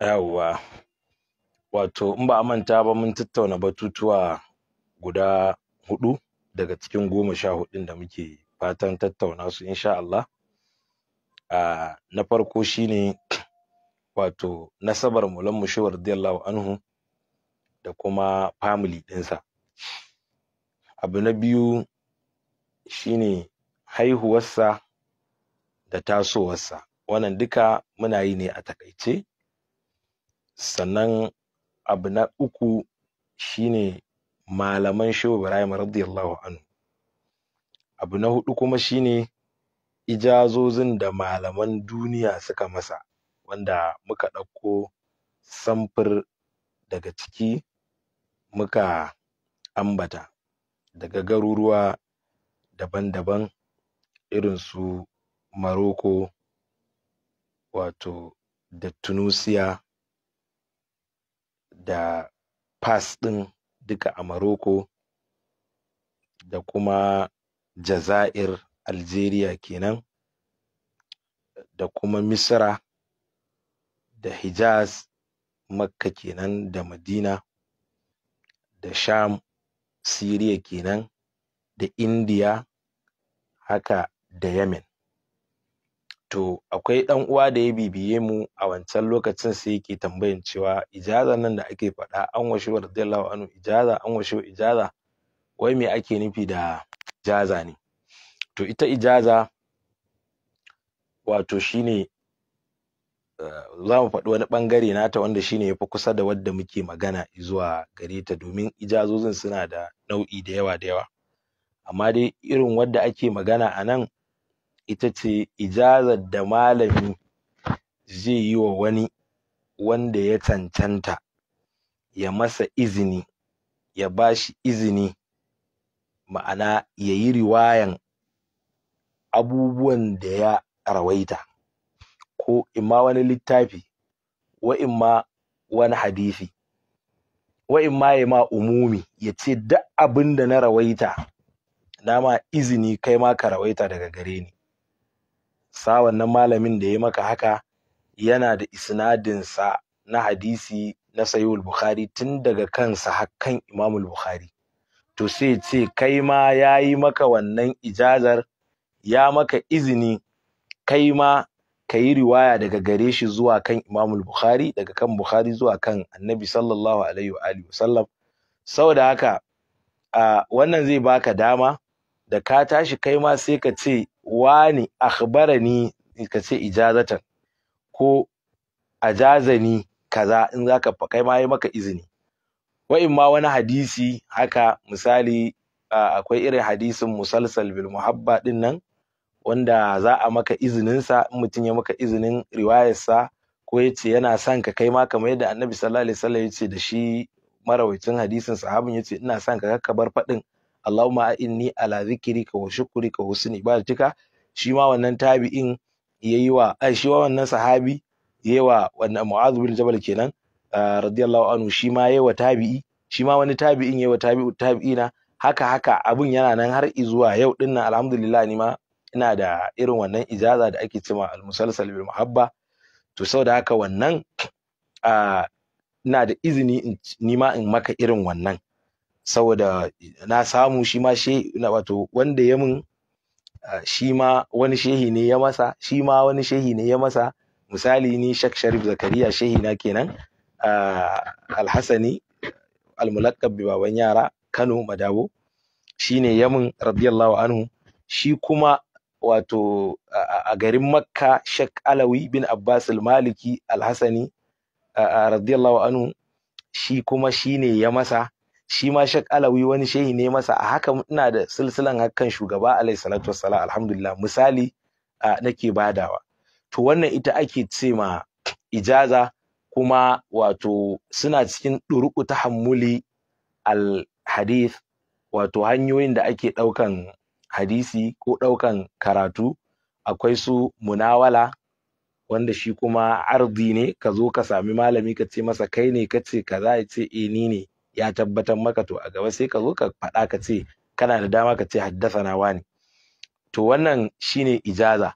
yawwa wato in ba a manta ba mun tattauna batutuwa guda huɗu daga cikin goma sha hudun da muke fatan tattauna su insha Allah uh, na farko shine wato nasabar mulan mushawar radiyallahu anhu da kuma family ɗinsa abu na biyu shine haihuwarsa da tasowarsa wannan duka muna yi ne a takaice sannan abu na uku shine malaman shehu ibrahim radiyallahu anhu abu na hudu kuma shine ijazozin da malaman duniya suka masa wanda muka ɗauko samfur daga ciki muka ambata daga garuruwa daban-daban irin su Maroko wato da Tunusiya da pass ɗin duka a Morocco da kuma Jazair Algeria kenan da kuma Misra da Hijaz Makka kenan da Madina da Sham Syria kenan da India haka da Yemen to akwai ɗan uwa da ya bibiye mu a wancan lokacin sai yake tambayan cewa ijaza nan da ake faɗa an washe wa radiyallahu anhu ijaza an washe wa ijaza wai me ake nufi da ijaza ne to ita ijaza wato shine eh, za mu faɗi wani ɓangare nata wanda shine ya fi kusa da wadda muke magana zuwa gareta domin ijazozin suna da nau'i da yawa da yawa amma dai irin wadda ake magana a nan ita ce ijazar da malami zai yi wa wani wanda ya cancanta ya masa izini ya ba shi izini ma'ana ya yi riwayan abubuwan da ya rawaita ko imma wani littafi wa imma wani hadisi wa imma ya ma umumi ya ce duk abin da na rawaita na izini kai ma ka rawaita daga gare ni sa wannan malamin da ya maka haka yana da isnadinsa na hadisi na sayuwar bukhari tun daga kansa hakan imamul bukhari to sai ce kai ma ya yi maka wannan ijazar ya maka izini kai ma ka yi riwaya daga gare shi zuwa kan imamul bukhari daga kan bukhari zuwa kan annabi sallallahu alaihi wa alihi wasallam saboda haka a wannan zai baka dama da ka tashi kai ma sai ka ce wani akhbarani ka ce ijazatan ko ajazani kaza in zaka kai ma yi maka izini in ma wani hadisi haka misali akwai irin hadisin musalsal bil muhabba din nan wanda za a maka izinin sa in mutum ya maka izinin riwayar sa ko yace yana son ka kai ma kamar yadda Annabi sallallahu alaihi wasallam yace da shi marawaitin hadisin sahabin yace ina son ka ka bar fadin Allahumma inni ala zikrika wa shukrika wa husni ibadatika shi ma wannan tabi'in yayi wa ai shi wannan sahabi yayi wa wannan Mu'adh bin Jabal kenan ah, radiyallahu anhu shi ma yayi wa tabi'i shi ma wani tabi'in yayi wa tabi'u tabi'ina haka haka abun yana nan har zuwa yau din nan alhamdulillah ni ma ina da irin wannan ijaza da ake cewa al-musalsal bil muhabba to saboda haka wannan ah, ina da izini ni ma in maka irin wannan saboda na samu shi ma she wato wanda ya min shi ma wani shehi ne ya masa shi ma wani shehi ne ya masa misali ni Shak Sharif Zakariya shehi na kenan Alhassani almulakkab bi baban yara Kano Madabo shine yamin radiyallahu anhu shi kuma wato a garin Makka Shak Alawi bin Abbas maliki Alhassani radiyallahu anhu shi kuma shine ya masa shi ma Sheikh Alawi wani shehi ne masa a haka ina da silsilan hakan shugaba alaihi salatu wassalam alhamdulillah misali nake badawa to wannan ita ake ce ma ijaza kuma wato suna cikin duruku tahammuli al hadith wato hanyoyin da ake daukan hadisi ko daukan karatu akwai su munawala wanda shi kuma ardi ne ka zo ka sami malami ka ce masa kai ne ka ce kaza ya ce eh ni ne ya tabbatar maka to a gaba sai ka zo ka faɗa ka ce kana da dama ka ce haddasa na wani to wannan shine ijaza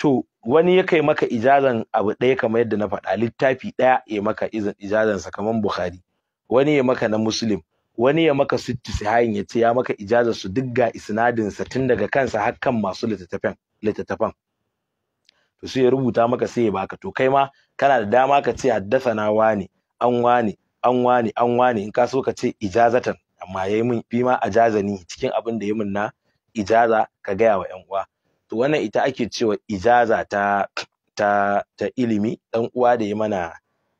to wani ya kai maka ijazan abu ɗaya kamar yadda na faɗa littafi ɗaya ya maka izin ijazan kamar Bukhari wani ya maka na Muslim wani ya maka sitti sihayin ya ce ya maka ijaza su digga isnadin sa tun daga kansa har kan masu littattafan littattafan to sai ya rubuta maka sai ya baka to kai ma kana da dama ka ce haddasa na wani an wani an wani an wane in ka so ka ce ijazatan amma yayi min bi ma ajazani cikin abin da ya min na ijaza ka gaya wa ƴan uwa to wannan ita ake cewa ijaza ta ta ta ilimi dan uwa da yayi mana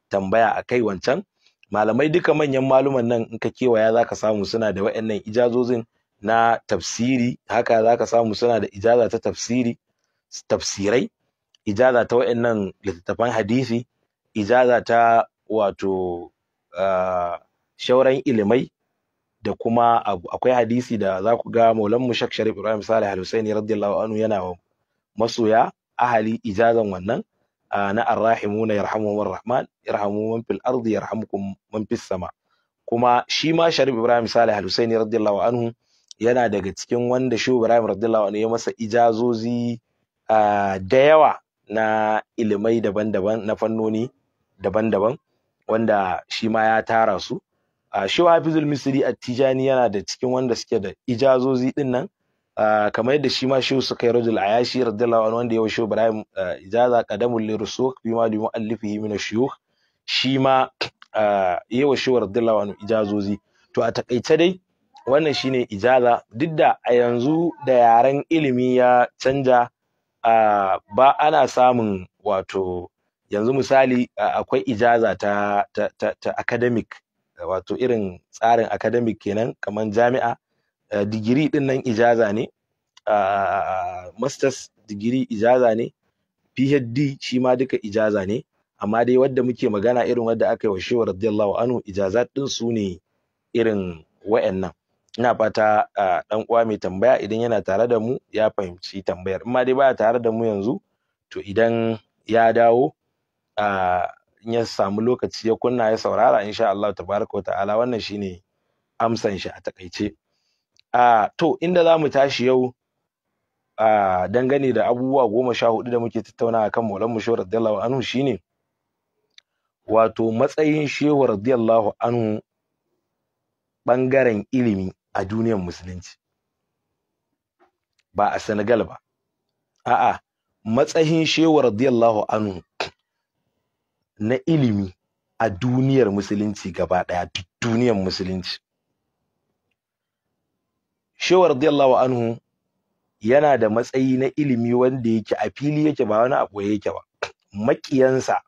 tambaya akai wancan malamai duka manyan maluman nan in ka kewaya zaka samu suna da waɗannan ijazozin na tafsiri haka zaka samu suna da ijaza ta tafsiri tafsirai ijaza ta waɗannan littattafan hadisi ijaza ta wato shauran ilimai da kuma akwai hadisi da za ku ga maulan mu shak sharif ibrahim salih al-husaini radiyallahu anhu yana wa masoya ahali ijazan wannan na arrahimuna yarhamuhumur rahman yarhamu man fil ardi yarhamukum man fis sama kuma shi ma sharif ibrahim salih al-husaini radiyallahu anhu yana daga cikin wanda shi ibrahim radiyallahu anhu ya masa ijazozi da yawa na ilimai daban-daban na fannoni daban-daban wanda shi ma ya tara su a ah, shi wa hafizul misri a tijani yana da cikin wanda suke da ijazozi din nan ah, kamar yadda shi ma shi suka yi rajul ayashi radiyallahu anhu wanda ya wa shi ibrahim ah, ijaza qadamul lirusuk bima li muallifihi min ash-shuyukh shi ma ya wa shehu radiyallahu anhu ijazozi to a takaice dai wannan shine ijaza duk da a yanzu da yaren ilimi ya canja ba ana samun wato yanzu misali akwai ijaza ta, ta, ta, ta academic wato irin tsarin academic kenan kamar jami'a digiri din nan ijaza ne masters digiri ijaza ne phd shi ma duka ijaza ne amma dai wadda muke magana irin wadda aka yi wa shewa radiyallahu anhu ijaza din su ne irin wa'annan ina fata dan uwa mai tambaya idan yana tare da mu ya fahimci tambayar amma dai baya tare da mu yanzu to idan ya dawo ya samu lokaci ya kunna ya saurara insha Allah tabaraka wa ta'ala wannan shine amsan shi a takaice ah to inda zamu tashi yau ah dangane da abubuwa goma sha hudu da muke tattauna kan Maulana mu radiyallahu anhu shine wato matsayin shehu radiyallahu anhu bangaren ilimi a duniyar musulunci ba a Senegal ba a'a matsayin shehu radiyallahu anhu na ilimi a duniyar musulunci gaba ɗaya duk duniyar musulunci shehu radiyallahu anhu yana da matsayi na ilimi wanda yake a fili yake ba wani abu yake ba makiyansa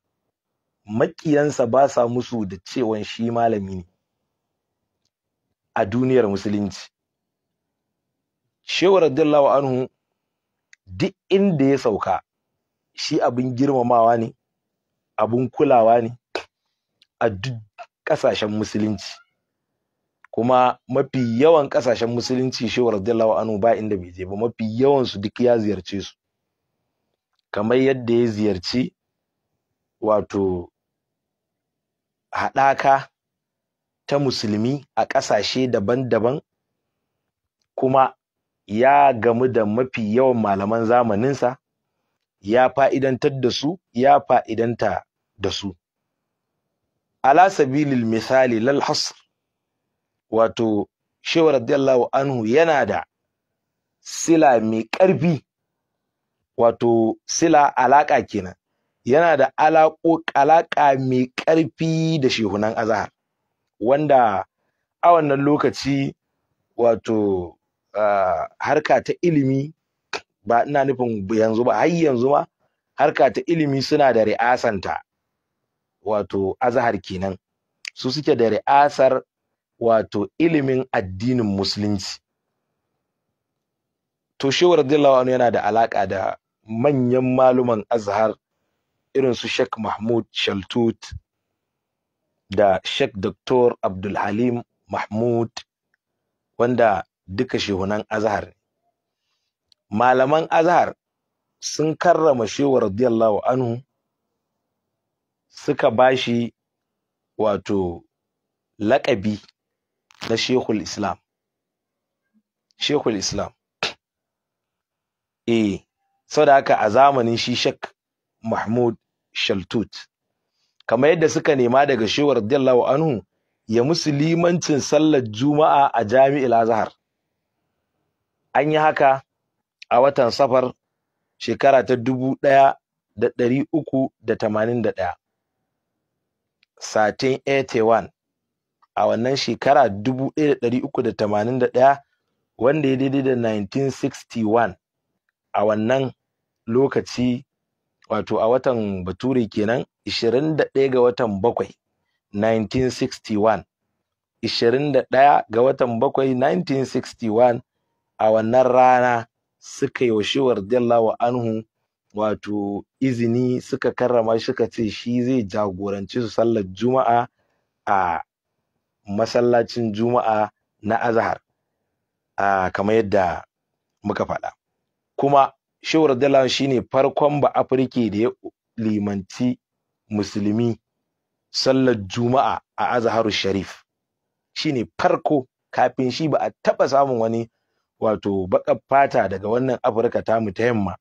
maƙiyansa ba sa musu da cewan shi malami ne a duniyar musulunci shehu radiyallahu anhu duk inda ya sauka shi abin girmamawa ne abun kulawa ne a duk ƙasashen musulunci kuma mafi yawan ƙasashen musulunci shehu radiyallahu anhu ba inda bai je ba mafi yawan su duk ya ziyarce su kamar yadda ya ziyarci wato haɗaka ta musulmi a ƙasashe daban-daban kuma ya gamu da mafi yawan malaman zamaninsa ya fa'idantar da su ya fa'idanta da su ala sabilil misali lal hasr wato shehu radiyallahu anhu yana da sila mai ƙarfi wato sila alaƙa kenan yana da alaƙa mai ƙarfi da shehunan azahar wanda a wannan lokaci wato uh, harka ta ilimi ba ina nufin yanzu ba har yanzu ma harka ta ilimi suna da ri'asanta wato azahar kenan su suke da ri'asar wato ilimin addinin musulunci to shehu radiyallahu anhu yana da alaka da manyan maluman azhar irin su Sheikh Mahmud Shaltut da Sheikh Dr. Abdul Halim Mahmud wanda duka shehunan azhar malaman azhar sun karrama shehu radiyallahu anhu suka bashi wato laƙabi na shekul islam shekul islam eh sau da haka a zamanin shi shek mahmud shaltut kamar yadda suka nema daga shehu radiyallahu anhu ya musulmancin sallar juma'a a jami'il azhar an yi haka a watan safar shekara ta dubu ɗaya da ɗari uku da tamanin da ɗaya 1381 a wannan shekara 1381 wanda ya daidai da 1961 a wannan lokaci wato a watan bature kenan 21 ga watan bakwai 1961 21 ga watan bakwai 1961 a wannan rana suka yi wa anhu wato izini suka karrama shi suka ce shi zai jagoranci su sallar juma'a a masallacin juma'a na azhar kamar yadda muka faɗa kuma dala shi ne farkon ba afirki da ya limanci musulmi sallar juma'a a azharu sharif ne farko kafin shi ba a taɓa samun wani wato baƙar fata daga wannan afirka tamu ta yamma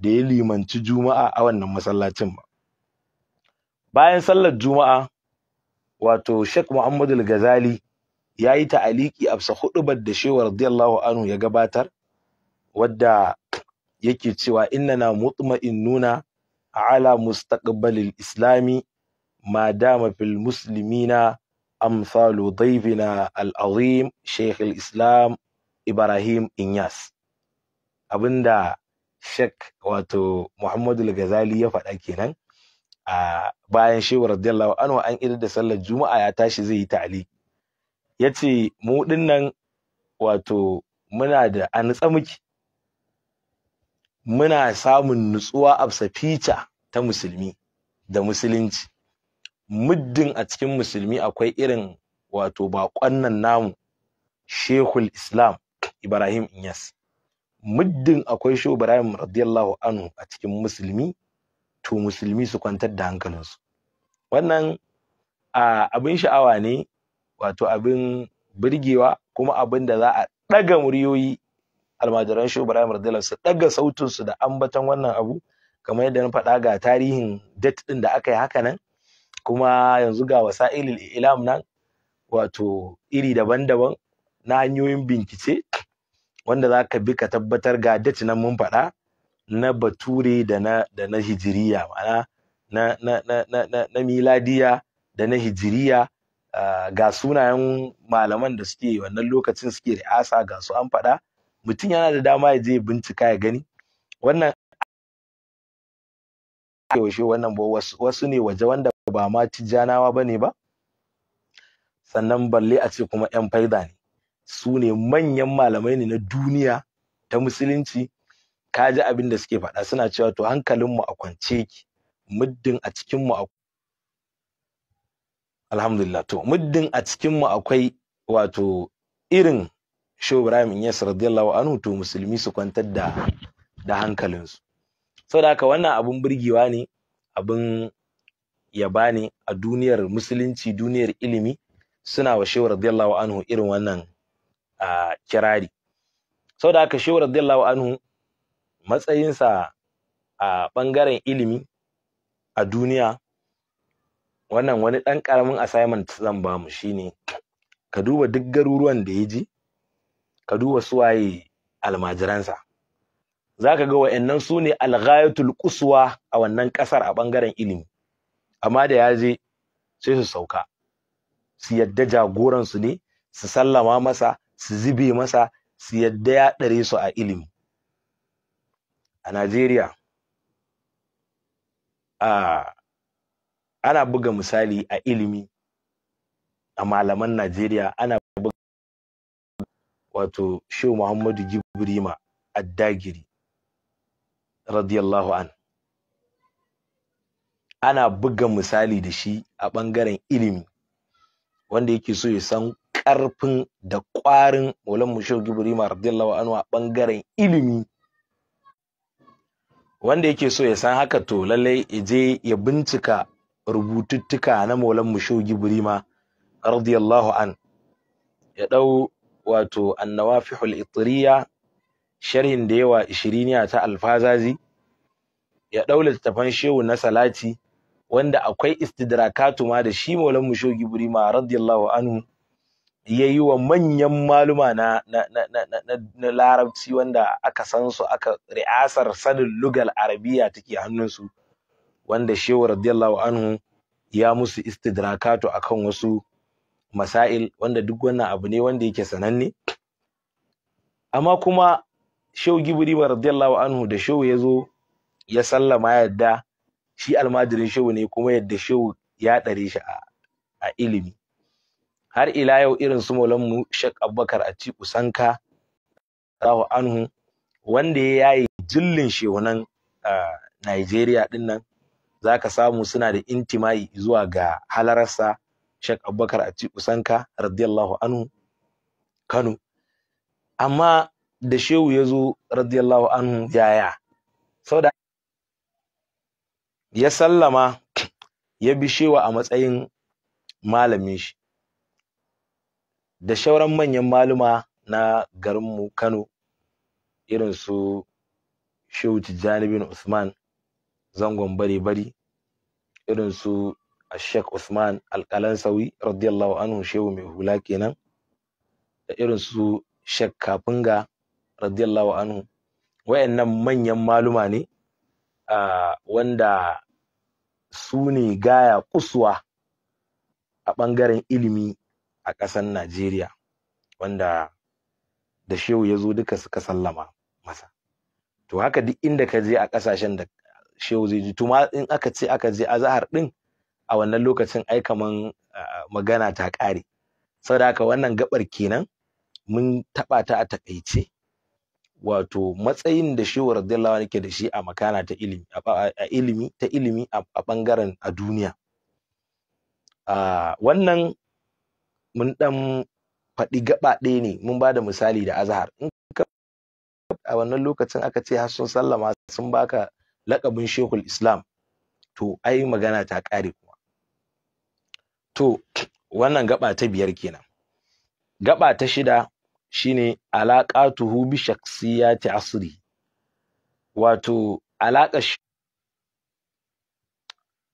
da ya limanci juma'a a wannan masallacin ba bayan sallar juma'a wato Sheikh Muhammadu Al-Ghazali ya yi ta'aliki afsa hudubar da shewa radiyallahu anhu ya gabatar wadda yake cewa innana nuna ala mustaqbalil islami ma dama fil muslimina amsalu daifina al islam Ibrahim Inyas abinda Sheikh wato Muhammadu Ghazali ya faɗa kenan a bayan shehu radiyallahu anhu an idar da sallar juma'a ya tashi zai yi ta'ali yace mu dinnan wato muna da a muna samun nutsuwa a safica ta musulmi da musulunci muddin a cikin musulmi akwai irin wato baƙon nan namu shekul islam ibrahim inyas muddin akwai shehu ibrahim radiyallahu anhu a cikin musulmi to musulmi su kwantar da hankalinsu wannan abin sha'awa ne wato abin birgewa kuma abin da za a ɗaga muryoyi almajiran shehu ibrahim radiyallahu su ɗaga su da ambaton wannan abu kamar yadda na faɗa ga tarihin date ɗin da aka yi haka nan kuma yanzu ga wasa'ilil ilam nan wato iri daban-daban na hanyoyin bincike wanda za ka bi ka tabbatar ga date nan mun faɗa na bature da na da na hijiriya ma'ana na na na na na, miladiya da na hijiriya ga sunayen malaman da suke wannan lokacin suke ri'asa ga su an faɗa mutum yana da dama ya je bincika ya gani wannan yaushe wannan ba wasu ne waje wanda ba ma tijjanawa ba ne ba sannan balle a ce kuma yan faida ne su ne manyan malamai ne na duniya ta musulunci ka ji abin da suke faɗa suna cewa to hankalinmu a kwance ki muddin a cikinmu a alhamdulillah to muddin a cikinmu akwai wato irin Shehu Ibrahim Inyas radiyallahu anhu to musulmi su kwantar da da hankalinsu saboda haka wannan abun burgewa ne abun yaba ne a duniyar musulunci duniyar ilimi suna wa Shehu radiyallahu anhu irin wannan A kirari sau da haka shehu radiyallahu anhu matsayinsa a ɓangaren ilimi a duniya wannan wani ɗan ƙaramin assignment zan ba mu shine ka duba duk garuruwan da ya ji ka duba su waye almajiransa za ka ga wa'annan su ne alghayatul kuswa a wannan ƙasar a ɓangaren ilimi amma da ya je sai su sauka su yadda jagoransu ne su sallama masa su zube masa su yadda ya ɗare su a ilimi a Najeriya a ana buga misali a ilimi a malaman Najeriya ana buga wato Shehu Muhammadu Gibrima Addagiri radiyallahu an ana buga misali da shi a ɓangaren ilimi wanda yake so ya san ƙarfin da ƙwarin Maulan Mushehu Gibrima radiyallahu anhu a ɓangaren ilimi wanda yake so ya san haka to lallai ya je ya bincika rubututtuka na Maulan Mushehu Gibrima radiyallahu an ya ɗau wato annawafihul itriya sharhin da yawa ishiriniya ta alfazazi ya ɗau littattafan shehu na salati wanda akwai istidrakatu ma da shi maulan musho gibrima radiyallahu anhu ya yi wa manyan maluma na, na, na, na, na, na larabci wanda aka san su aka ri'asar sanin lugal arabiya take hannunsu wanda shehu radiyallahu anhu ya musu istidrakatu akan wasu masail wanda duk wannan abu ne wanda yake sananne amma kuma shehu gibri radiyallahu anhu da shehu ya zo ya sallama yadda shi almajirin shehu ne kuma yadda shehu ya ɗare shi a ilimi har ila yau irin su mu Sheikh Abubakar Atiku Sanka rahu anhu wanda ya yi jillin shehunan Najeriya din nan zaka samu suna da intimai zuwa ga halararsa Sheikh Abubakar Atiku Sanka radiyallahu anhu Kano amma da shehu ya zo radiyallahu anhu yaya saboda ya sallama ya bi shewa a matsayin malamin shi da shauran manyan maluma na garinmu Kano irin su Shehu Tijjani Usman zangon bari bari irin su Sheikh Usman Alƙalansawi radiyallahu anhu shehu mai hula kenan da irin su Sheikh Kafinga radiyallahu anhu wayannan manyan maluma ne a wanda su ne gaya kusuwa a ɓangaren ilimi a ƙasar Najeriya wanda da shehu ya zo duka suka sallama masa to haka duk inda ka je a ƙasashen da shehu zai ji to ma in aka ce aka je a zahar ɗin, a wannan lokacin ai kaman magana ta ƙare saboda haka wannan gaɓar kenan mun taɓa ta a taƙaice. wato matsayin da shehu radiyallahu anhu yake da shi a makana ta ilimi a ilimi ta ilimi a ɓangaren a duniya wannan mun ɗan faɗi gaba ɗaya ne mun ba da misali da azahar in ka a wannan lokacin aka ce har sun sallama sun baka laƙabin shekul islam to ai magana ta ƙare kuma to wannan gaba ta biyar kenan gaba ta shida shine alaqatuhu bi shakhsiyati asri wato alaƙa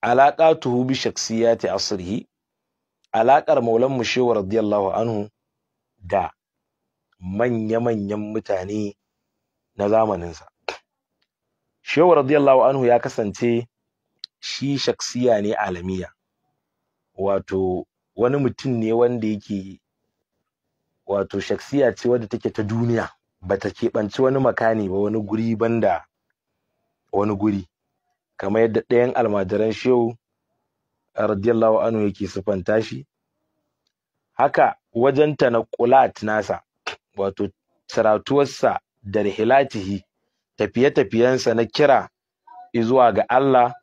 alaqatuhu bi shakhsiyati asri alaƙar maulan mu shehu radiyallahu anhu da manya-manyan mutane na zamaninsa shehu radiyallahu anhu ya kasance shi shaksiya ne alamiya wato wani mutum ne wanda yake wato shaksiya ce wadda take ta duniya bata keɓanci wani makani ba wani guri banda wani guri kamar yadda ɗayan almajiran shehu radiyallahu anhu yake sufanta shi haka wajen tanqulat nasa wato saratuwarsa da rihilatihi tafiye-tafiyensa na kira izuwa ga Allah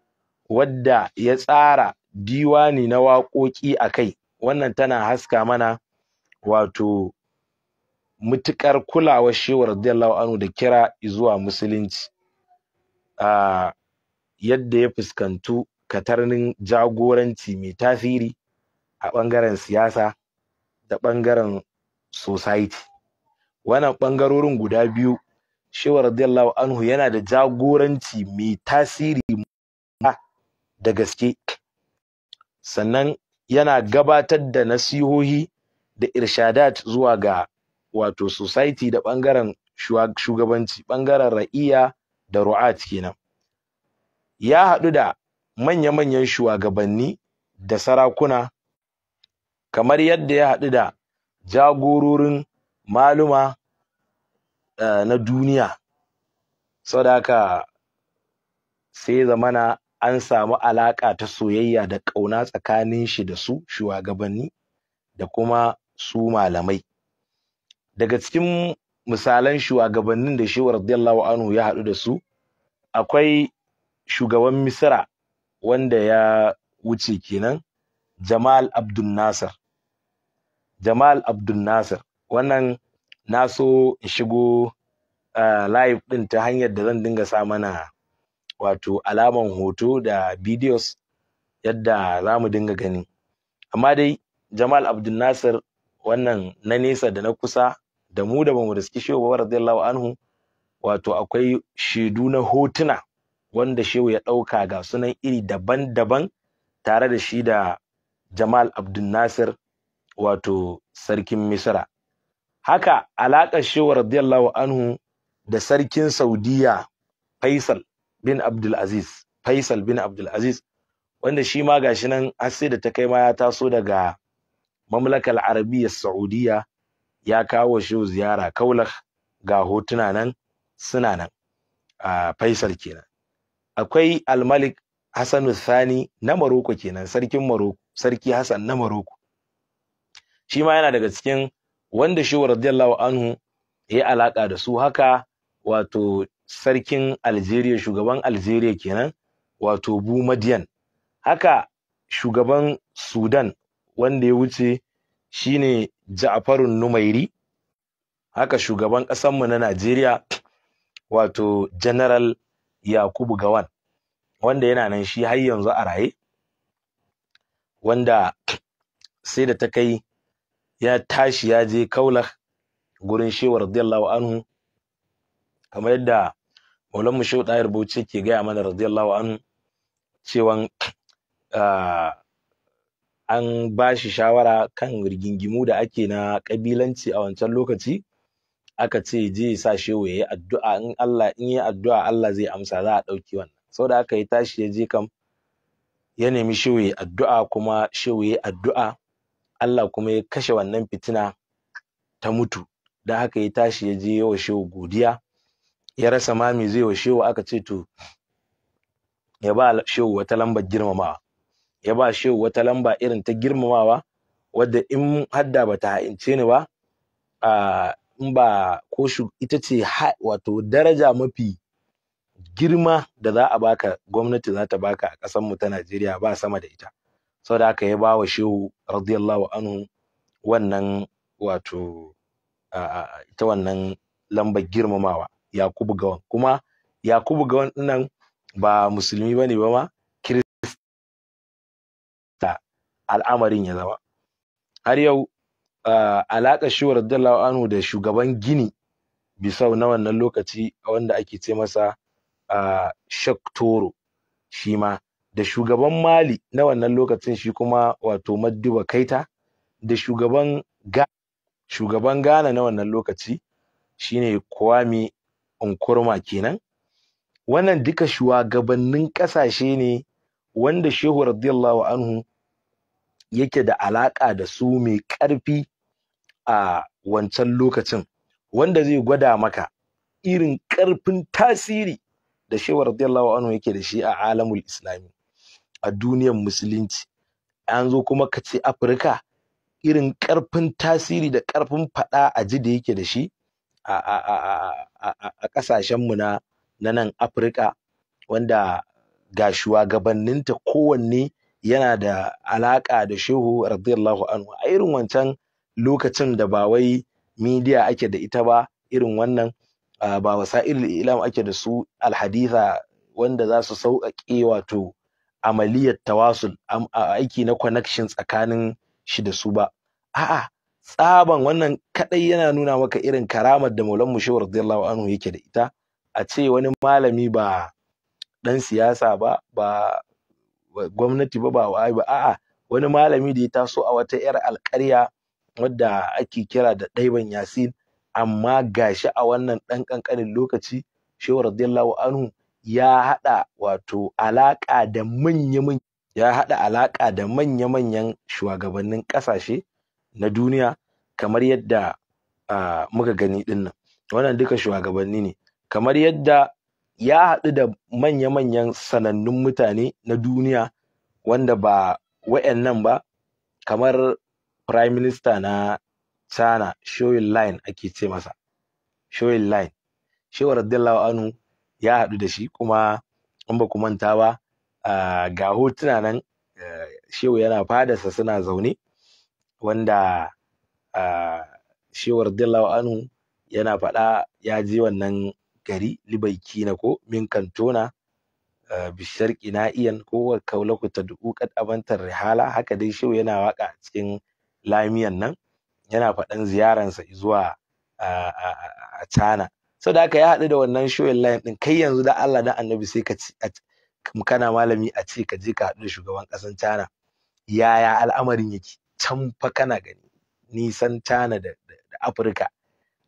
wadda ya tsara diwani na waƙoƙi a kai wannan tana haska mana wato mutuƙar kulawar shehu radiyallahu anhu da kira izuwa musulunci a ah, yadda ya fuskantu katarnin jagoranci mai tasiri a ɓangaren siyasa da ɓangaren society wannan ɓangarorin guda biyu shehu radiyallahu anhu yana da jagoranci mai tasiri da gaske sannan yana gabatar da nasihohi da irshadat zuwa ga wato society da ɓangaren shugabanci ɓangaren ra'iya da ru'at kenan ya haɗu da manya-manyan shugabanni da sarakuna kamar yadda ya haɗu da jagororin maluma eh, na duniya saboda haka sai zamana an samu alaƙa ta soyayya da ƙauna tsakanin shi da su shugabanni da kuma su malamai daga cikin misalan shugabannin da shi radiyallahu anhu ya haɗu da su akwai shugaban misira wanda ya wuce kenan Jamal Abdul Nasir Jamal Abdul Nasir wannan na so in shigo uh, live din ta hanyar da zan dinga sa mana wato alaman hoto da videos yadda za mu dinga gani amma dai Jamal Abdul Nasir wannan na nesa da na kusa da mu da bamu riski shi ba radiyallahu anhu wato akwai shaidu na hotuna wanda shehu ya ɗauka ga sunan iri daban-daban tare da shi da jamal abdul nasir wato sarkin misra haka alaƙar shehu radiyallahu anhu da sarkin saudiya faisal bin abdul-aziz faisal bin abdul-aziz wanda shi ma gashi nan har sai da ta kai ma ya taso daga mamlakar Arabiyar saudiya ya kawo shehu ziyara kaulah ga hotuna nan suna nan a faisal kenan akwai almalik hassan Sani na maroko kenan sarkin maroko sarki hassan na maroko shi ma yana daga cikin wanda shi radiyallahu anhu ya yi alaka da su haka wato sarkin algeria shugaban algeria kenan wato Madian haka shugaban sudan wanda ya wuce shine ja'farun numairi haka shugaban ƙasanmu na najeriya wato general Yakubu Gawan wanda yana nan shi har yanzu a raye wanda sai da ta kai ya tashi ya je kaula gurin Shehu radiyallahu anhu kamar yadda Maulana Shehu Dayar Bauchi ke gaya mana radiyallahu anhu cewa ah, an ba shi shawara kan rigingimu da ake na kabilanci a wancan lokaci aka ce je sa shehu yayi addu'a in Allah in yi addu'a Allah zai amsa za a ɗauki wannan saboda haka ya tashi ya je kam ya nemi shehu yayi addu'a kuma shehu yayi addu'a Allah kuma ya kashe wannan fitina ta mutu don haka ya tashi ya je yawa shehu godiya ya rasa mami zai wa shehu aka ce to ya ba shehu wata lamba girmamawa ya ba shehu wata lamba irin ta girmamawa wadda in hadda bata ha'ince ni ba in ba ko ita ce wato daraja mafi girma da za a baka gwamnati za ta baka a ƙasar mu ta Najeriya ba sama da ita saboda haka ya bawa shehu radiyallahu anhu wannan wato ita wannan lambar girmamawa Yakubu Gawan kuma Yakubu Gawan nan ba musulmi bane ba ma kirista al'amarin ya zama har yau Ah, alaƙar shi radiyallahu anhu da shugaban Gini Bisau na wannan lokaci wanda ake ce masa ah, Shek Toro shi ma da shugaban Mali na wannan lokacin shi kuma wato Madiba Kaita da shugaban shugaban Ghana na wannan lokaci shine Kwame Nkrumah kenan wannan duka shugabannin ƙasashe ne wanda Shehu radiyallahu anhu yake da alaƙa da su mai ƙarfi a wancan lokacin wanda zai gwada maka irin ƙarfin tasiri da shehu radiyallahu anhu yake da shi a alamul islami a duniyar musulunci an zo kuma ka ce afirka irin ƙarfin tasiri da ƙarfin faɗa a ji da yake da shi a ƙasashenmu na na nan afirka wanda ga shugabanninta kowanne yana da alaƙa da shehu radiyallahu anhu a irin wancan lokacin da ba wai midiya ake da ita ba irin wannan ba wasa'il ilam ake da su alhaditha wanda za su sauƙaƙe wato amaliyar tawasul aiki na connection tsakanin shi da su ba a'a tsaban wannan kadai yana nuna maka irin karamar da Maulan Mushe radiyallahu anhu yake da ita a ce wani malami ba dan siyasa ba ba gwamnati ba ba wai ba a'a wani malami da ya taso a wata yar alƙarya wadda ake kira da ɗaiban yasin amma gashi a wannan ɗan ƙanƙanin lokaci shehu radiyallahu anhu ya haɗa wato alaƙa da manya ya haɗa alaƙa da manya-manyan shugabannin ƙasashe na duniya kamar yadda muka gani ɗin nan wannan duka shugabanni ne kamar yadda ya haɗu da manya-manyan sanannun mutane na duniya wanda ba nan ba kamar prime minister na China Shou Line ake ce masa Shou Line Shehu radiyallahu anhu ya haɗu da shi kuma in ba ku manta ba ga hotuna nan Shehu yana fadarsa suna zaune wanda Shehu radiyallahu anhu yana faɗa ya je wannan gari libaiki na ko min kantona bishar iyan ko kaulaku ta duku kad abantar rihala haka dai shehu yana waka cikin lamiyan nan yana faɗan ziyaransa zuwa a China so da haka ya haɗu da wannan showin line ɗin kai yanzu da Allah da annabi sai ka kana malami a ce ka je ka haɗu da shugaban ƙasan China yaya al'amarin yake can fa kana gani nisan China da Afirka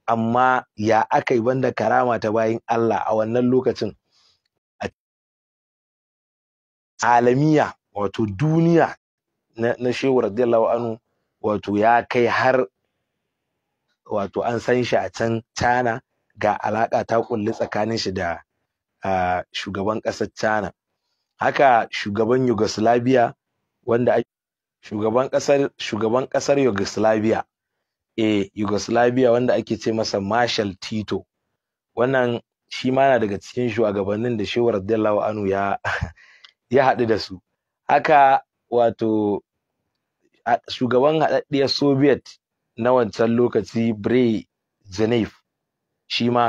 amma ya akayi yi banda karama ta bayin Allah a wannan lokacin alamiya wato duniya na, na shehu radiyallahu anhu wato ya kai har wato an san shi a can China ga alaƙa ta kulli tsakanin shi da shugaban ƙasar China haka shugaban Yugoslavia wanda shugaban ƙasar shugaban ƙasar Yugoslavia eh Yugoslavia wanda ake ce masa Marshal Tito wannan shi ma na daga cikin shugabannin da Shehu Radiyallahu anu ya ya haɗu da su haka wato shugaban haɗaɗɗiyar soviet na wancan lokaci bre zenev shi ma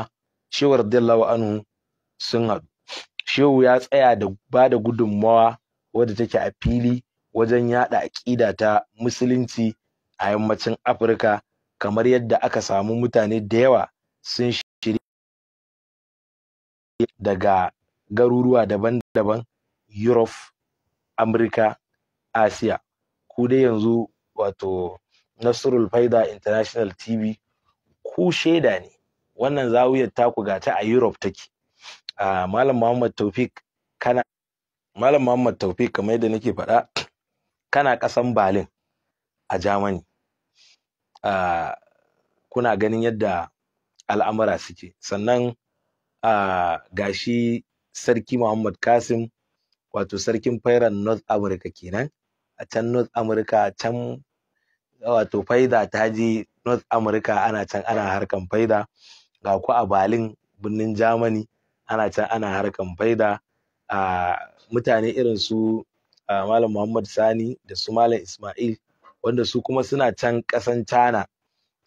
shehu radiyallahu anhu sun haɗu shehu ya tsaya da ba da gudunmawa wadda take a fili wajen yaɗa aƙida ta musulunci a yammacin afirka kamar yadda aka samu mutane da yawa sun shirya daga garuruwa daban-daban europe amurka asiya ku dai yanzu wato nasrul faida international tv ku shaida ne wannan zawiyar taku ga ta a europe take ah, malam muhammad taufik kana malam muhammad taufik kamar yadda nake faɗa kana ƙasan berlin a germany ah, kuna ganin yadda al'amura suke sannan a ah, gashi sarki muhammad kasim wato sarkin fairan north africa kenan a can north america can wato faida ta je north america ana can ana harkan faida ga ku a berlin birnin germany ana can ana harkan faida a mutane irin su malam muhammad sani da su malam ismail wanda su kuma suna can ƙasan china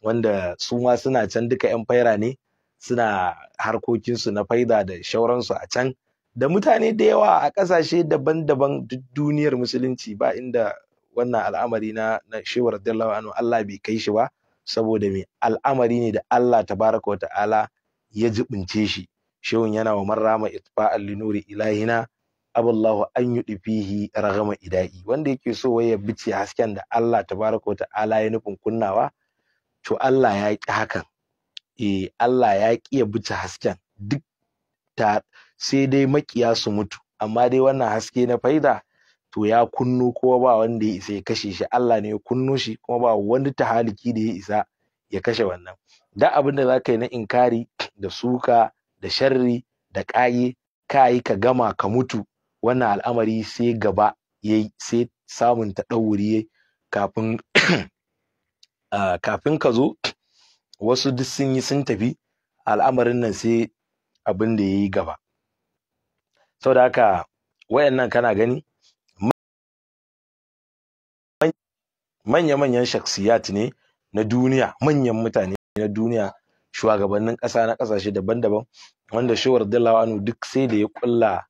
wanda su ma suna can duka yan faira ne suna harkokinsu na faida da shauransu a can da mutane da yawa a ƙasashe daban-daban duk duniyar musulunci ba inda wannan al'amari na na shehu radiyallahu anhu Allah bai kai shi ba saboda me al'amari ne da Allah tabaraka wa ta'ala ya jibince shi shehun yana wa marrama itfa'al linuri ilahina aballahu an yudi fihi ragama ida'i wanda yake so ya bice hasken da Allah tabaraka wa ta'ala ya nufin kunnawa to Allah ya ki hakan eh Allah ya ki ya bice hasken duk sai dai maƙiya su mutu amma dai wannan haske na faida to ya kunno kuma ba wanda ya isa ya kashe shi Allah ne ya kunno shi kuma ba wani tahaliki da ya isa ya kashe wannan da abin da zaka yi na inkari da suka da sharri da ƙaye ka ka gama ka mutu wannan al'amari sai gaba yayi sai samun ta ɗauri kafin ah, kafin ka zo wasu duk sun yi sun tafi al'amarin nan sai abinda da yayi gaba saboda haka wayannan kana gani manya-manyan shaksiyat ne na duniya manyan mutane na duniya shugabannin ƙasa na ƙasashe daban-daban wanda shawar dillawa anu duk sai da ya kulla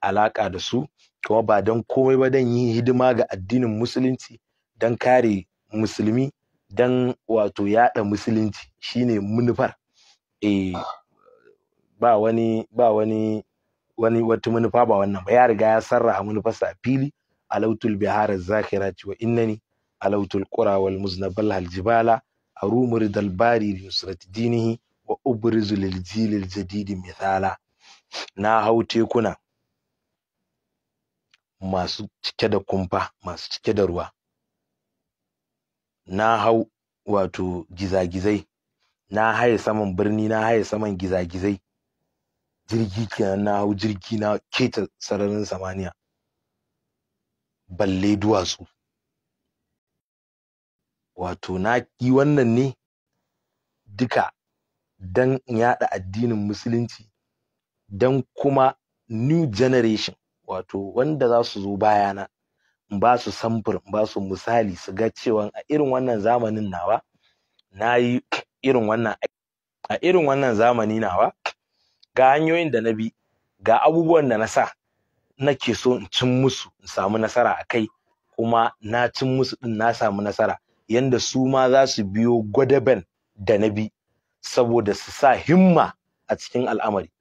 alaƙa da su kuma ba don komai ba don yi hidima ga addinin musulunci don kare musulmi don wato yaɗa musulunci shine munufar e eh, ba wani wani wata manufa ba wannan ba ya riga ya sarra a manufarsa a fili alautul bihar zakira wa innani alautul qura wal muznabal hal jibala arumur dal bari li nusrat dinihi wa ubrizu lil al jadid mithala na hau tekuna masu cike da kumfa masu cike da ruwa na hau wato gizagizai na haye saman birni na haye saman gizagizai jirgi kenan na hau jirgi na keta sararin samaniya balle duwatsu wato na yi wannan ne duka don in yada addinin musulunci don kuma new generation wato wanda za su zo bayana in ba su samfur ba su misali su ga cewa a irin wannan zamanin nawa na yi irin wannan a irin wannan zamani nawa ga hanyoyin da na bi ga abubuwan da na sa nake so in cin musu in samu nasara a kai kuma na cin musu din na samu nasara yanda su ma za su biyo gwadaben da na bi saboda su sa himma a cikin al'amari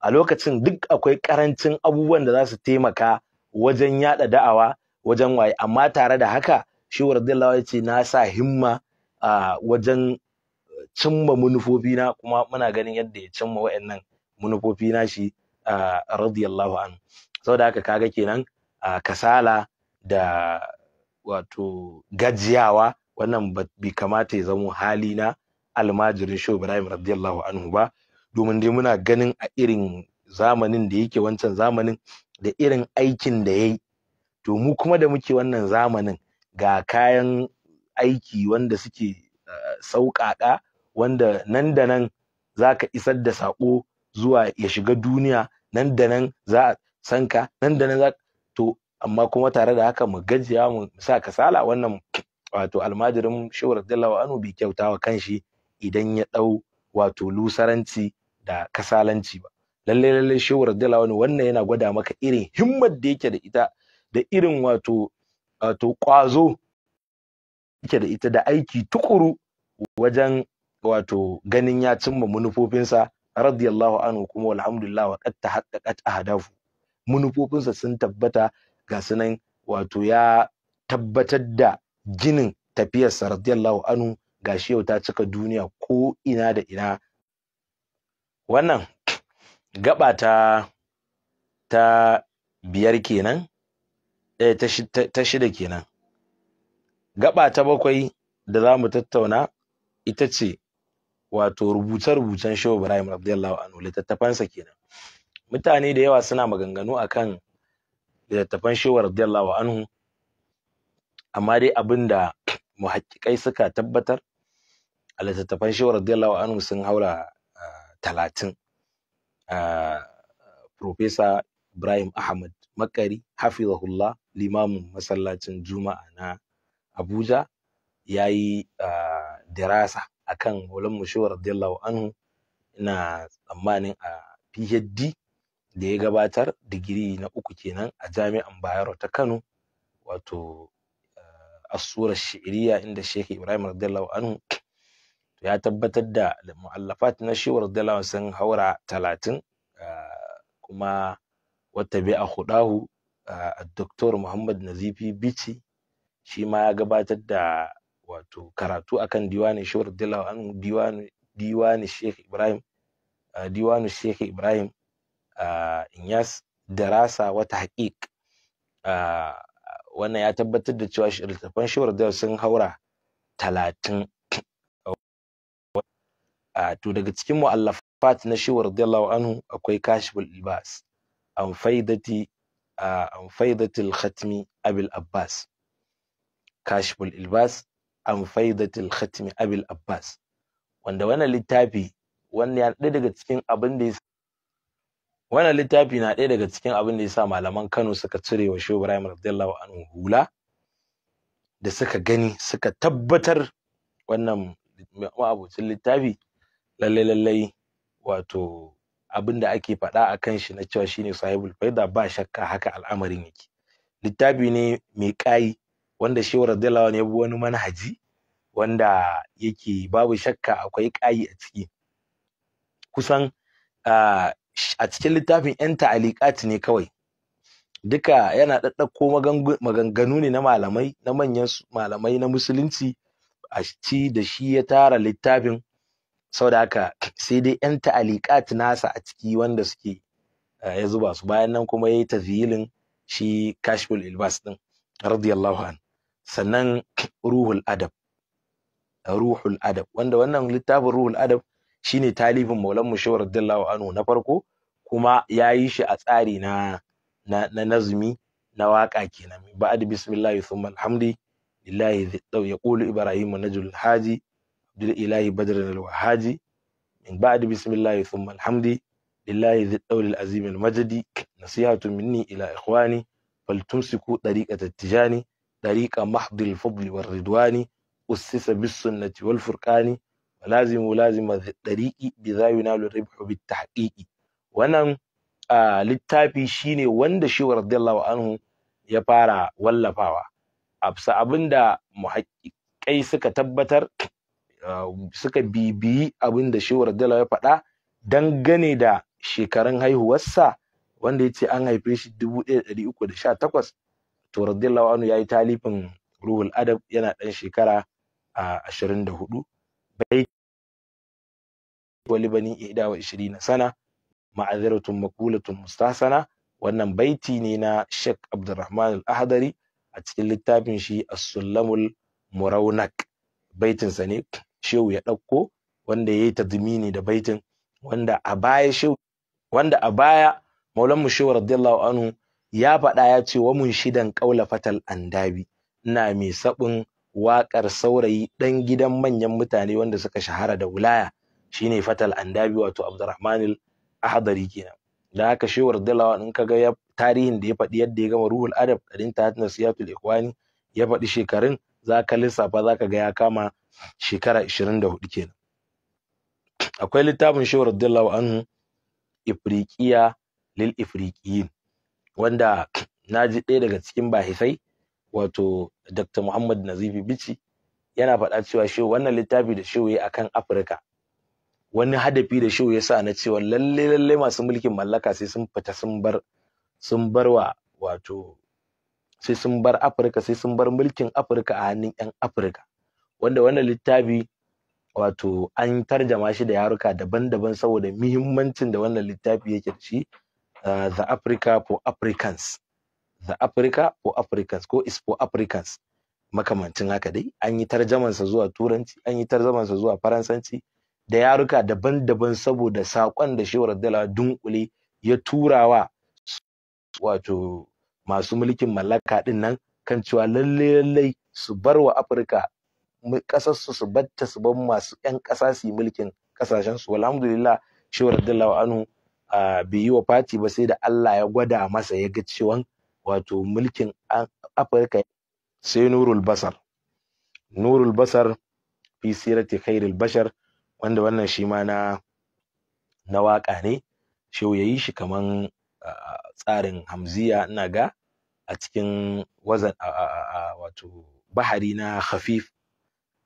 a lokacin duk akwai karancin abubuwan da za su taimaka wajen yada da'awa wajen waye amma tare da haka shi wardillawa ya ce na sa himma a wajen cimma manufofina kuma muna ganin yadda ya cimma wa'annan manufofi nashi radiyallahu anhu saboda haka kaga kenan kasala da wato gajiyawa wannan bai kamata ya zamo hali na almajirin shehu ibrahim radiyallahu anhu ba domin dai muna ganin a irin zamanin da yake wancan zamanin da irin aikin da ya yi to mu kuma da muke wannan zamanin ga kayan aiki wanda suke sauƙaƙa wanda nan da nan za ka isar da saƙo zuwa ya shiga duniya nan da nan za a san ka nan da nan za to amma kuma tare da haka mu gajiya mu sa kasala wannan wato almajirin shehu radiyallahu anhu bai kyauta wa kanshi idan ya dau wato lusaranci da kasalanci ba lallai lalle shehu radiyallahu anhu wannan yana gwada maka irin himmar da yake da ita da irin wato wato kwazo yake da ita da aiki tukuru wajen wato ganin ya cimma manufofinsa radiyallahu anhu kuma alhamdulillah wa qad tahaqqaqat ahdafu manufofinsa sun tabbata ga sunan wato ya tabbatar da ginin tafiyarsa radiyallahu anhu gashi yau ta cika duniya ko ina da ina wannan gaba ta ta biyar kenan eh ta, ta shida kenan gaba ta bakwai da za mu tattauna ita ce wato rubuce-rubucen Shehu Ibrahim Abdullahi An'u littattafansa kenan mutane da yawa suna maganganu akan littattafan Shehu Abdullahi An'u. amma dai abinda muhakkikai suka tabbatar a littattafan Shehu Abdullahi An'u sun haura ah, talatin ah, Profesa Ibrahim Ahmad Makari hafizahullah limamin masallacin Juma'a na Abuja ya yi ah, dirasa akan Maulan Mushewa radiyallahu anhu ina tsammanin a PhD da ya gabatar digiri na uku kenan a jami'an Bayero ta Kano wato eh, as-sura shi'riya inda Sheikh Ibrahim radiyallahu anhu ya tabbatar da mu'allafat na shi radiyallahu sun haura talatin eh, kuma wata bi a hudahu a eh, Dr. Muhammad Nazifi Bichi shi ma ya gabatar da wato karatu akan diwani shawar dilawa an diwani diwani sheikh ibrahim diwani sheikh ibrahim inyas darasa wata haƙiƙ wannan ya tabbatar da cewa littattafan shawar dilawa sun haura talatin to daga cikin mu'allafat na shawar dilawa anhu akwai kashiful ibas an faidati an faidatul khatmi abil abbas kashiful ilbas an faidatul khatmi abil abbas wanda wannan littafi wannan ya daga cikin abin da wannan littafi na ɗaya daga cikin abin da ya sa malaman Kano suka cire wa Shehu Ibrahim radiyallahu anhu hula da suka gani suka tabbatar wannan ma'abocin littafi lalle lalle wato abin da ake faɗa a kan shi na cewa shine sahibul faida ba shakka haka al'amarin yake littafi ne mai ƙayi wanda shehu radiyallahu anhu ya bi wani manhaji wanda yake babu shakka akwai ƙayi a ciki kusan a cikin littafin yan ta'aliqat ne kawai duka yana ɗaɗɗako maganganu ne na malamai na manyan malamai na musulunci a ci da shi ya tara littafin saboda haka sai dai yan ta'aliqat nasa a ciki wanda suke ya zuba su bayan nan kuma yayi tafyilin shi kashful ilbas din radiyallahu an sannan ruhul adab ruhul adab wanda wannan littafin ruhul adab shine talibin maulan mushawar radiyallahu Anu na farko kuma ya yi shi a tsari na na, nazumi na waka kenan ba'ad bismillah thumma alhamdi lillahi yaqulu ibrahim najul haji abdul ilahi badr al wahaji min ba'ad bismillah thumma alhamdi lillahi dhil al azim al majdi nasihatu minni ila ikhwani fal tumsiku tariqata dariqa mahdil fadli ridwani ussisa bis sunnati wal furqani lazim lazim dariqi bi za yunalu ribhu bit tahqiqi wannan littafi shine wanda shi radiyallahu anhu ya fara wallafawa absa abinda muhaqqiqai suka tabbatar suka bibiyi abinda shi radiyallahu ya faɗa dangane da shekarun haihuwarsa wanda ya ce an haife shi 1318 to radiyallahu anhu yayi talifin ruhul adab yana dan shekara ashirin da hudu bai wali bani ida wa na sana ma'aziratun makulatun mustasana wannan baiti ne na Sheikh Abdulrahman Al-Ahdari a cikin littafin shi As-Sulamul Murawnak baitin sa ne Shehu ya dauko wanda yayi tadmini da baitin wanda a baya Shehu wanda a baya Maulan mu Shehu radiyallahu anhu ya faɗa ya ce wa shidan ƙaula fatal andabi ina mai sabin waƙar saurayi ɗan gidan manyan mutane wanda suka shahara da wulaya shine fatal andabi wato Abdulrahman al-ahdari kenan da haka shehu radiyallahu in kaga tarihin da ya faɗi yadda ya gama ruhul adab ɗarin ta nasiyatul ikwani ya faɗi shekarun za ka lissafa za ka ga ya kama shekara 24 kenan akwai littafin shehu radiyallahu anhu ifriqiya lil ifriqiyin wanda na ji ɗaya daga cikin bahisai wato Dr. Muhammad Nazifi Bichi yana faɗa cewa shehu wannan littafi da shehu ya akan Afirka wani hadafi da shehu ya sa na cewa lalle lalle masu mulkin mallaka sai sun fita sun bar sun barwa wato sai sun bar Afirka sai sun bar mulkin Afirka a hannun 'yan Afirka wanda wannan littafi wato an tarjama shi da yaruka daban-daban saboda muhimmancin da wannan littafi yake da shi uh, the Africa for Africans the Africa for Africans ko is for Africans makamancin haka dai an yi tarjamansa zuwa turanci an yi tarjamansa zuwa faransanci da yaruka daban-daban saboda saƙon da shehu radiyallahu dunkule ya turawa wato masu mulkin mallaka din nan kan cewa lalle lalle su bar wa Afirka kasar su su batta su bar masu ƴan ƙasa su yi mulkin ƙasashensu. su alhamdulillah shehu wa anu bai yi wa fati ba sai da Allah ya gwada masa ya ga cewa wato mulkin Afirka sai nurul basar nurul basar fi sirati khairul bashar wanda wannan shi ma na na waka ne shehu shi kaman tsarin hamziya ina ga a cikin wazan wato bahari na khafif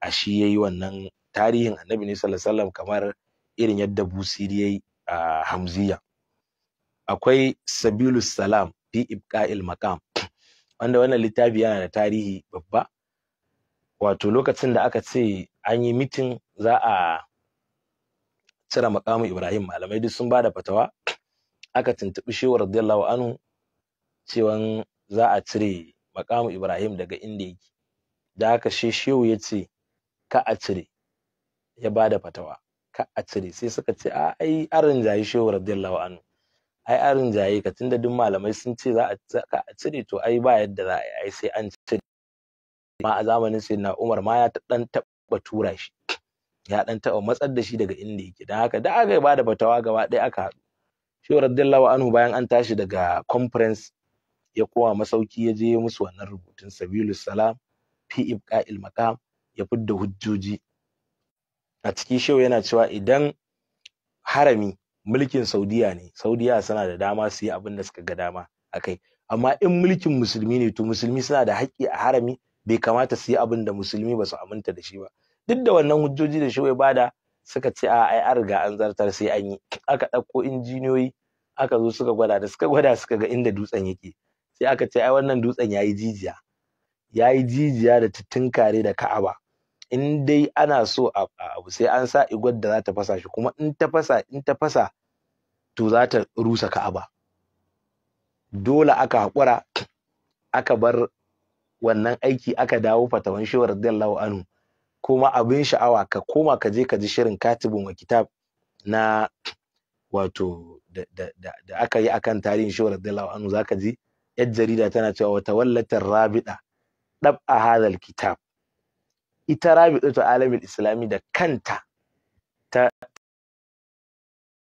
a shi yayi wannan tarihin annabi ne sallallahu alaihi wasallam kamar irin yadda busiri yi. hamziya akwai sabilu salam fi ibqa'il maqam wanda wannan littafi yana da tarihi babba wato lokacin da aka ce an yi mitin za a cire makamu ibrahim malamai duk sun ba da fatawa aka tuntuɓi shehu radiyallahu anhu cewan za a cire makamu ibrahim daga inda yake da haka shi shehu yace ka a cire ya ba da fatawa ka a cire sai suka ce a ai arin jayi shehu radiyallahu anhu ai arin jayi ka tunda duk malamai sun ce za a cire to ai ba yadda za a yi ai sai an cire ma a zamanin sai na Umar ma ya dan taba tura shi ya dan taba matsar da shi daga inda yake dan haka da aka ba da fatawa gaba ɗaya aka haɗu shehu radiyallahu anhu bayan an tashi daga conference ya kowa masauki ya je musu wannan rubutun sabilu salam fi ibqa'il maqam ya fidda hujjoji a ciki shehu yana cewa idan harami mulkin saudiya ne saudiya suna da dama su yi abin da suka ga dama akai amma in mulkin musulmi ne to musulmi suna da haƙƙi a harami bai kamata su yi abin da musulmi ba su aminta da shi ba duk da wannan hujjoji da shehu bada suka ce a ai an riga an zartar sai an yi aka ɗauko injiniyoyi aka zo suka gwada da suka gwada suka ga inda dutsen yake sai aka ce ai wannan dutsen yayi jijiya yayi jijiya da kare da Ka'aba in dai ana so a abu sai an sa igwar da za ta fasa shi kuma in ta fasa in ta fasa to za ta rusa ka'aba dole aka haƙura aka bar wannan aiki aka dawo fatawan shi radiyallahu anhu kuma abin sha'awa ka koma ka je ka ji shirin katibin wa kitab na wato da, da, da, da aka yi akan tarihin shi radiyallahu anhu zaka ji yar jarida tana cewa wata wallatar rabida dab a hadal kitab ita rabitatu alamin islami da kanta ta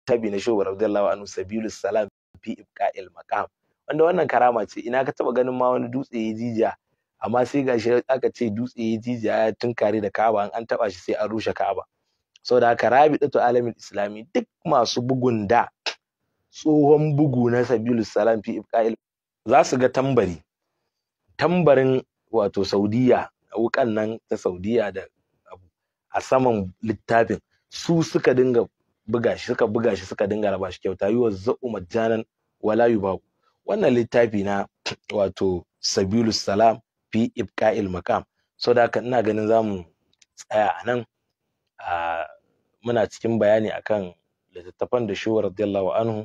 tabi na shehu radiyallahu anhu sabilus salam fi ibqa'il maqam wanda wannan karama ce ina ka taba ganin ma wani dutse ya jijiya amma sai gashi aka ce dutse ya jijiya ya tunkare da Ka'aba an taba shi sai an rushe Ka'aba saboda haka rabitatu alamin islami duk masu bugun da tsohon bugu na sabilus salam fi ibqa'il za su ga tambari tambarin wato saudiya wukan nan ta saudiya da abu a saman littafin su suka dinga buga shi suka buga shi suka dinga raba shi kyauta yi wa za'u majanan wala yubaku wannan littafi na wato sabilu salam fi ibqa'il maqam so da haka ina ganin zamu tsaya a nan muna cikin bayani akan littattafan da shi radiyallahu anhu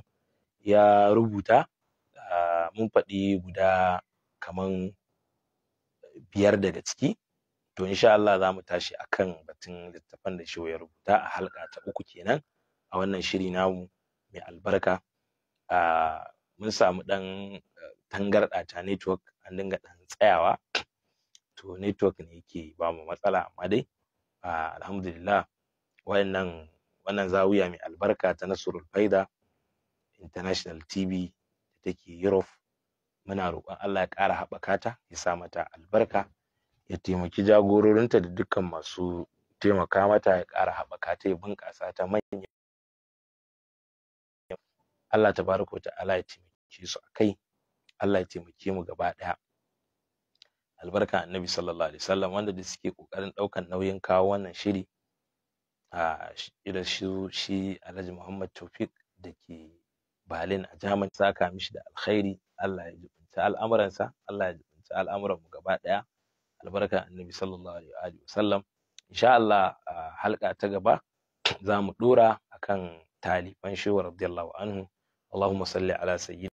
ya rubuta mun faɗi guda kaman biyar daga ciki to insha Allah za mu tashi akan batun littafan da shehu ya rubuta a halka ta uku kenan a wannan shiri namu mai albarka mun samu dan eh, tangarɗa ta network an dinga dan tsayawa to network ne yake ba mu matsala amma dai alhamdulillah wayannan wannan zawiya mai albarka ta Nasrul Faida International TV da take Europe muna roƙon Allah ya ƙara haɓaka ta ya sa mata albarka ya taimaki jagororinta da dukkan masu taimaka mata ya ƙara haɓaka ta ya bunƙasa ta manya Allah ta tabaraka ta'ala ya taimake su akai Allah ya taimake mu gaba ɗaya albarka annabi sallallahu alaihi wasallam wanda da suke kokarin ɗaukan nauyin kawo wannan shiri a irin shi shi Alhaji Muhammad Tawfiq da ke Berlin a Jaman saka mishi da alkhairi Allah ya jibinta al'amuransa Allah ya jibinta al'amuran mu gaba ɗaya albarka annabi sallallahu alaihi wa sallam insha Allah halka ta gaba za mu dora akan talifan shehu radiyallahu anhu Allahumma salli ala sayyidina